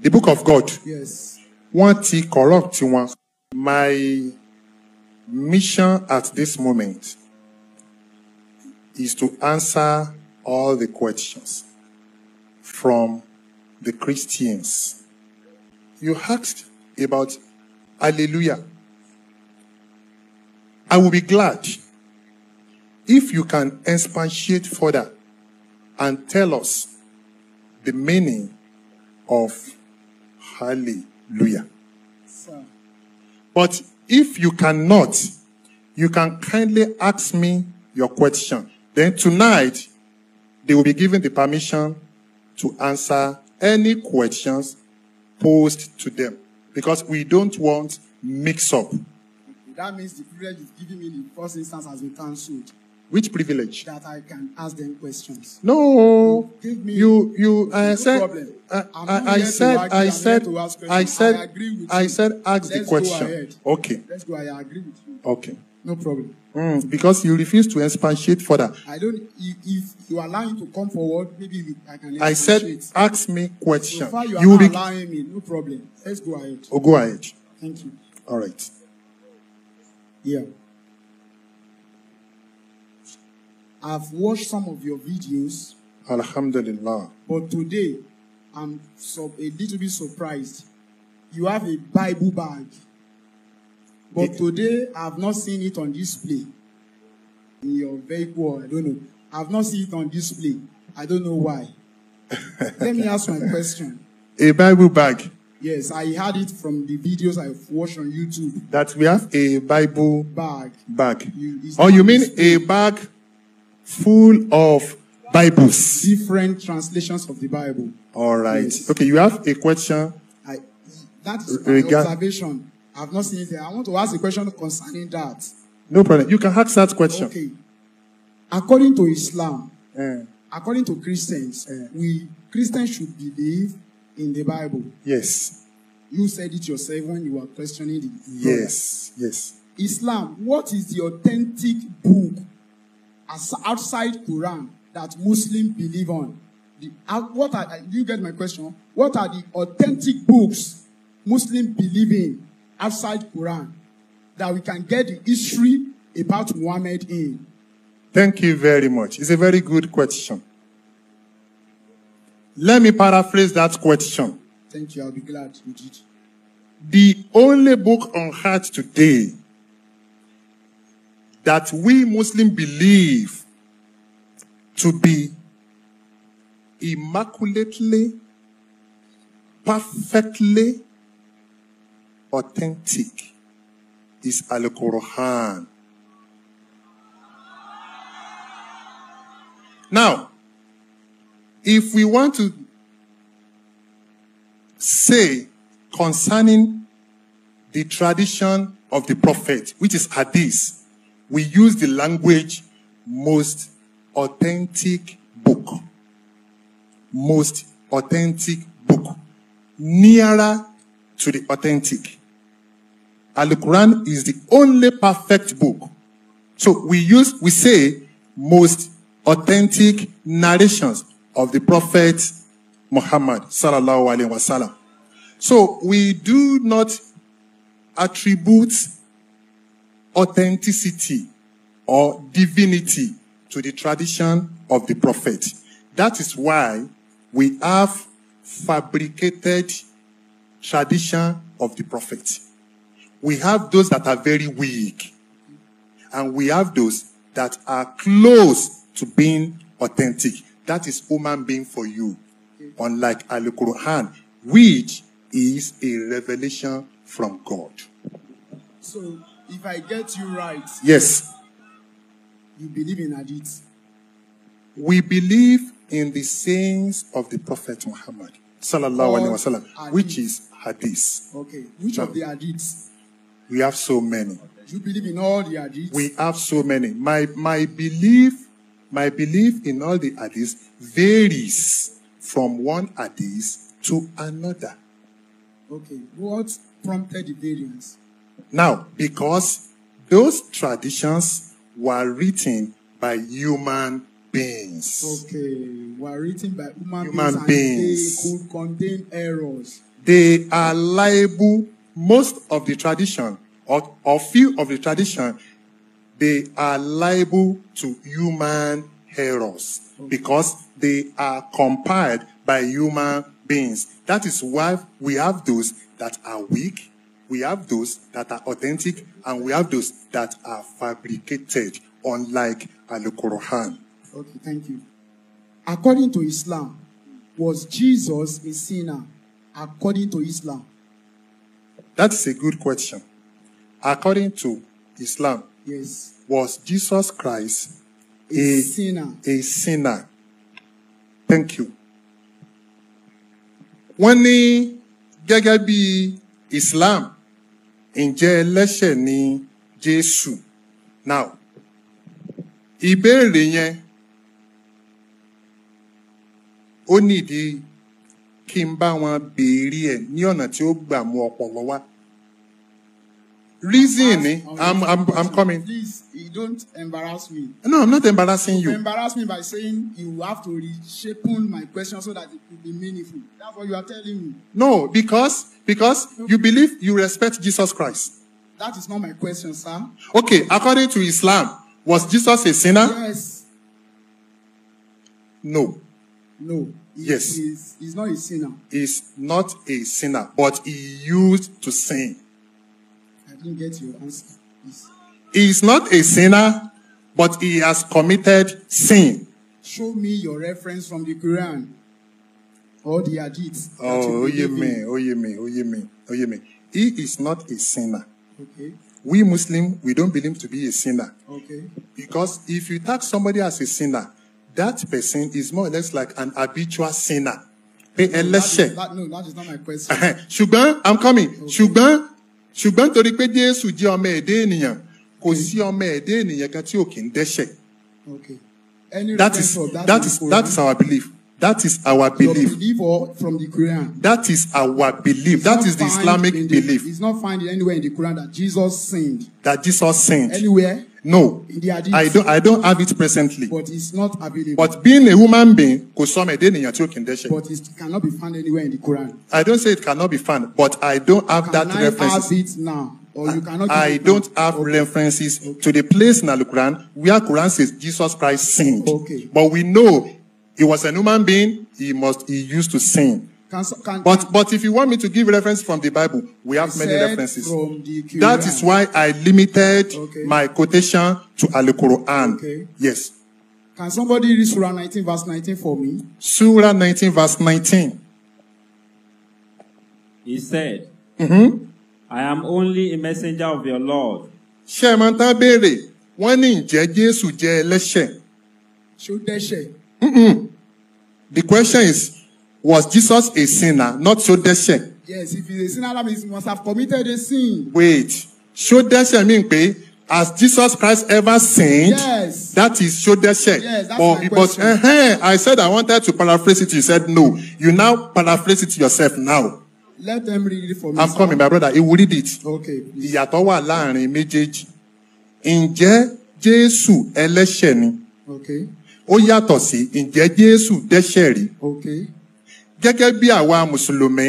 the book of God. Yes. Wọ́n ti corrupt wọn. My mission at this moment is to answer all the questions from the Christians. You asked about Alleluia. I will be glad if you can expatiate further and tell us the meaning of Hallelujah. But if you cannot, you can kindly ask me your question. Then tonight, they will be given the permission to answer any questions posed to them because we don't want mix up. That means the privilege you've given me in the first instance has been cancelled. Which privilege? That I can ask them questions. No. Give me you, you, I no said, problem. I, I, I said, argue, I said, I said, I, agree with I you. said, ask Let's the question. Okay. Let's go ahead. I agree with you. Okay. No problem. Mm, because you refuse to expatiate further. I don't, if, if you are lying to come forward, maybe I can I said, ask me question. So far you, are rec- allowing me, no problem. Let's go ahead. Oh, go ahead. Thank you. All right. Yeah. I've watched some of your videos. Alhamdulillah. But today, I'm so, a little bit surprised. You have a Bible bag. But today, I've not seen it on display. In your vehicle, I don't know. I've not seen it on display. I don't know why. Let me ask my question. A Bible bag. Yes, I heard it from the videos I've watched on YouTube. That we have a Bible bag. Bag. You, oh, you mean a bag full of Bibles. Different translations of the Bible. All right. Yes. Okay, you have a question. I, that is my Rega- observation. I've not seen it. I want to ask a question concerning that. No problem. You can ask that question. Okay. According to Islam, yeah. according to Christians, yeah. we Christians should believe in the Bible. Yes. You said it yourself when you were questioning it. Yes. Yes. Islam, what is the authentic book as outside Quran that Muslims believe on? The, uh, what are, uh, you get my question? What are the authentic books Muslims believe in outside Quran that we can get the history about Muhammad in? Thank you very much. It's a very good question. Let me paraphrase that question. Thank you. I'll be glad you did. The only book on heart today that we Muslims believe to be immaculately, perfectly authentic is Al Quran. Now, if we want to say concerning the tradition of the prophet, which is Hadith, we use the language most authentic book. Most authentic book. Nearer to the authentic. Al Quran is the only perfect book. So we use, we say, most authentic narrations of the Prophet Muhammad sallallahu wasallam. So we do not attribute authenticity or divinity to the tradition of the prophet. That is why we have fabricated tradition of the prophet. We have those that are very weak, and we have those that are close to being authentic. That is human being for you, unlike Al Quran, which is a revelation from God. So if I get you right. Yes. You believe in hadith. We believe in the sayings of the Prophet Muhammad, sallallahu alaihi wasallam, which is hadith. Okay. Which of the hadiths? We have so many. You believe in all the hadiths? We have so many. My my belief, my belief in all the hadiths varies from one hadith to another. Okay. What prompted the variance? Now, because those traditions were written by human beings. Okay, were written by human, human beings. beings. They could contain errors. They are liable, most of the tradition, or, a few of the tradition, they are liable to human errors okay. because they are compiled by human beings. That is why we have those that are weak, we have those that are authentic and we have those that are fabricated, unlike Al Quran. Okay, thank you. According to Islam, was Jesus a sinner according to Islam? That's a good question. According to Islam, yes, was Jesus Christ a, a sinner? A sinner. Thank you. When ní Islam ǹjẹ́ ẹlẹ́ṣẹ̀ ni Jésù? Now, ìbéèrè yẹn ó nídìí kí n bá wọn béèrè ẹ̀ ní ọ̀nà tí ó gbà mú ọpọlọ Reason, eh? I'm, I'm, I'm coming. Please, you don't embarrass me. No, I'm not embarrassing you. You embarrass me by saying you have to reshape my question so that it will be meaningful. That's what you are telling me. No, because because you believe you respect Jesus Christ. That is not my question, sir. Okay, according to Islam, was Jesus a sinner? Yes. No. No. He yes. he's not a sinner. He's not a sinner, but he used to sin didn't get your answer. Please. He is not a sinner, but he has committed sin. Show me your reference from the Quran or the Hadith. Oh, you me, oh, you me, oh, you me, oh, you me. He is not a sinner. Okay. We Muslim, we don't believe to be a sinner. Okay. Because if you tag somebody as a sinner, that person is more or less like an habitual sinner. Pé ẹlẹ́ṣẹ̀. No, that is not my question. Ṣùgbọ́n, I'm coming. Okay. ṣùgbọ́n nítorí pé Jésù jẹ́ ọmọ ẹ̀dẹ́ ènìyàn kò sí ọmọ ẹ̀dẹ́ ènìyàn kan tí ò kì í dẹ́ṣẹ̀. Okay. that is that, is that is our belief. That is our belief. Your belief or from the Quran? That is our belief. that is the Islamic belief. It's not found anywhere in the Quran that Jesus sinned. That Jesus sinned. Anywhere? No, I don't, I don't have it presently. But it's not available. But being a human being, kò sọ ọmọ ẹ̀dá ènìyàn tí ó kì But it cannot be found anywhere in the Quran. I don't say it cannot be found, but I don't have Can that I reference. Have it now? Or you cannot I don't now? have okay. references okay. to the place in the Quran where Quran says Jesus Christ sinned. Okay. But we know he was a human being. He must, he used to sin. Can, can, but but if you want me to give reference from the Bible, we have many references. That is why I limited okay. my quotation to Al Quran. Okay. Yes. Can somebody read Surah 19, verse 19 for me? Surah 19, verse 19. He said, mm-hmm. I am only a messenger of your Lord. Ṣé ẹ máa ń tá béèrè? Wọ́n The question is, Was Jesus a sinner, not Shodeshe? Yes, if he's a sinner, that means he must have committed a sin. Wait. Shodeshe mean pe, as Jesus Christ ever sinned? Yes. That is Shodeshe. Yes, that's or, my because, question. Uh-huh, I said I wanted to paraphrase it. You said no. You now paraphrase it yourself now. Let them read it for me. I'm coming, my brother. He will read it. Okay, please. Ìyàtọ̀ wà láàrin méjèèjì. Ǹjẹ́ Jésù ẹlẹ́ṣẹ̀ ni? Okay. Ó yàtọ̀ sí ǹjẹ́ Jésù dẹ́ṣẹ̀ rí? Okay gẹ́gẹ́ bí àwa mùsùlùmí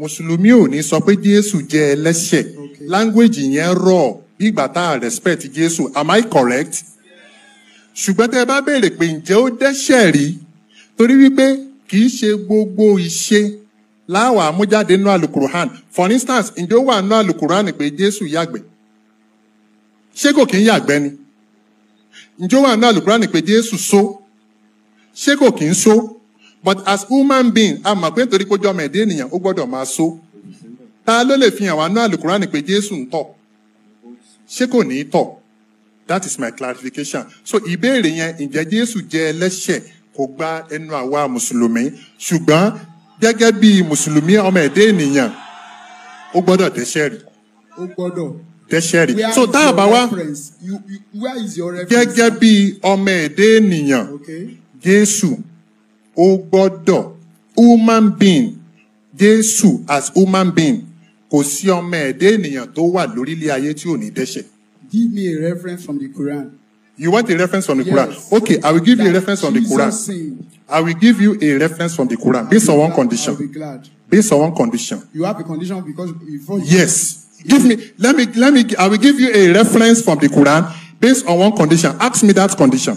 mùsùlùmí ò ní sọ pé jésù jẹ́ ẹlẹ́ṣẹ̀ language yẹn rọ̀ bí ìgbà tá a respect jésù am I correct? ṣùgbọ́n tẹ́ ẹ bá béèrè pé ǹjẹ́ ó dẹ́ṣẹ̀ rí torí wípé kì í ṣe gbogbo ìṣe láwàá mújáde nínú alukuruhan for instance ǹjẹ́ ó wà nínú alukuruhan pé jésù yàgbẹ́ ṣé kò kí ń yàgbẹ́ ni ǹjẹ́ ó wà nínú alukuruhan pé jésù só ṣé kò kí ń só. So? but as human being a mọ̀ pé nítorí pé jọmọ ẹ̀dá ènìyàn ó gbọ́dọ̀ máa so ta ló lè fi hàn wá ní àlùkùránì pé Jésù ń tọ̀ ṣé kò ní í tọ̀ that is my clarification so ìbéèrè yẹn ǹjẹ́ Jésù jẹ́ ẹlẹ́ṣẹ̀ kò gba ẹnu àwa mùsùlùmí ṣùgbọ́n gẹ́gẹ́ bí mùsùlùmí ọmọ ẹ̀dá ènìyàn ó gbọ́dọ̀ dẹ́ṣẹ̀ rí. ó gbọ́dọ̀ dẹ́ṣẹ̀ rí. so tá a bá wá gẹ́gẹ́ bí ọmọ ẹ̀dá ènìyàn Jésù. Okay ó gbọ́dọ̀ human being jésù as human being kò sí ọmọ ẹ̀dá ènìyàn tó wà lórílẹ̀ ayé tí ò ní dẹ́ṣẹ̀. give me a reference from the Quran. You want a reference from the yes. Quran? Okay, I will give that you a reference from the Quran. I will give you a reference from the Quran based on glad, one condition. I'll be glad. Based on one condition. You have a condition because before Yes. Give me let me let me I will give you a reference from the Quran based on one condition. Ask me that condition.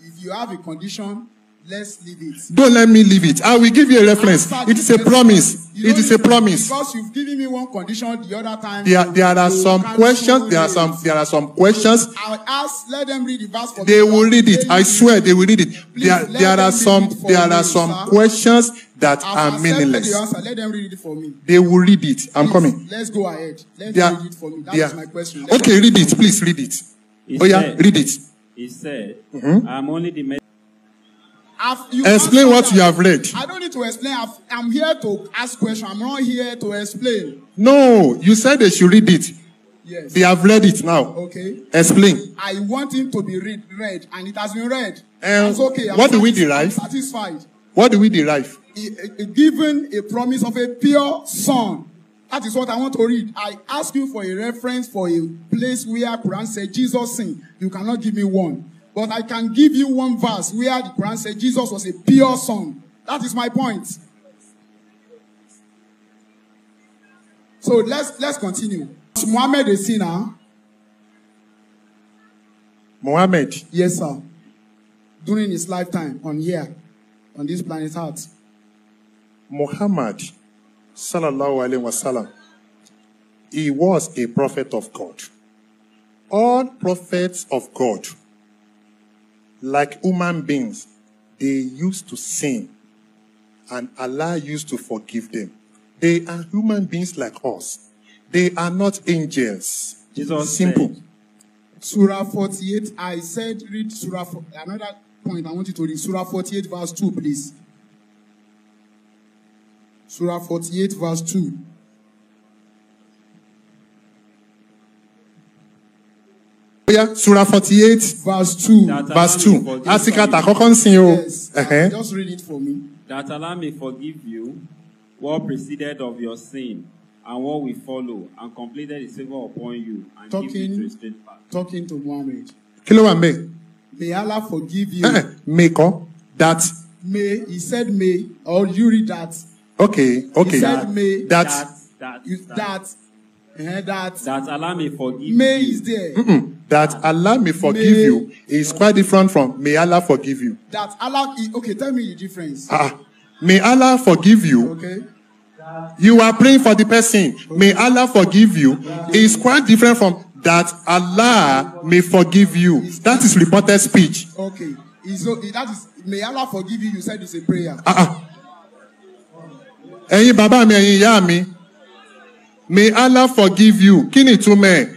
If you have a condition Let's leave it. Don't let me leave it. I will give you a reference. It is a promise. it is a promise. Because you've given me one condition the other time. There, there are some questions. There are some. There are some questions. I'll ask. Let them read the verse for They will read it. I swear they will read it. Please there, there are some. There me, are some questions that I'll are meaningless. The answer. Let them read it for me. They will read it. I'm please, coming. Let's go ahead. Let them read it for me. That is my question. Let okay, read it. Please read it. He oh yeah, read it. He said, mm-hmm. "I'm only the." explain what you have read. I don't need to explain. i am here to ask questions. I'm not here to explain. No, you said they should read it. Yes. They have read it now. Okay. Explain. I want him to be read, read and it has been read. Um, okay. I'm what do we derive? satisfied. What do we derive? given a promise of a pure son. That is what I want to read. I ask you for a reference for a place where Quran said Jesus sin. You cannot give me one. But I can give you one verse where the Quran said Jesus was a pure son. That is my point. So let's let's continue. Is Muhammad a sinner? Muhammad. Yes, sir. During his lifetime on here, on this planet Earth. Muhammad, sallallahu alaihi wasallam, he was a prophet of God. All prophets of God like human beings, they used to sin and Allah used to forgive them. They are human beings like us. They are not angels. Jesus Simple. Said. Surah 48, I said, read Surah, another point I want you to read. Surah 48, verse 2, please. Surah 48, verse 2. bóyá sura forty eight verse two verse two asikata àkọ́kọ́ ń sin o. just read it for me. that Allah may forgive you what preceded of your sin and what will follow and completed his favour upon you and talking, give you to a straight path. talking to Muhammad. kí ló wà mẹ́. may Allah forgive you. may kọ́ that. may he said may or you read that. okay okay he said may that that that that, that, that, that, that Allah may forgive may you. may is there. Mm -mm. that ah. Allah may forgive may, you is quite different from may Allah forgive you. That Allah, okay, tell me the difference. Ah, ah, may Allah forgive you. Okay. You are praying for the person. Okay. May Allah forgive you. Okay. Is quite different from that Allah may forgive you. that is reported speech. Okay. It's, that is, may Allah forgive you. You said it's a prayer. Ah, ah. ẹ̀yin bàbá mi ẹ̀yin ìyá mi may Allah forgive you kí ni ìtumọ̀ ẹ̀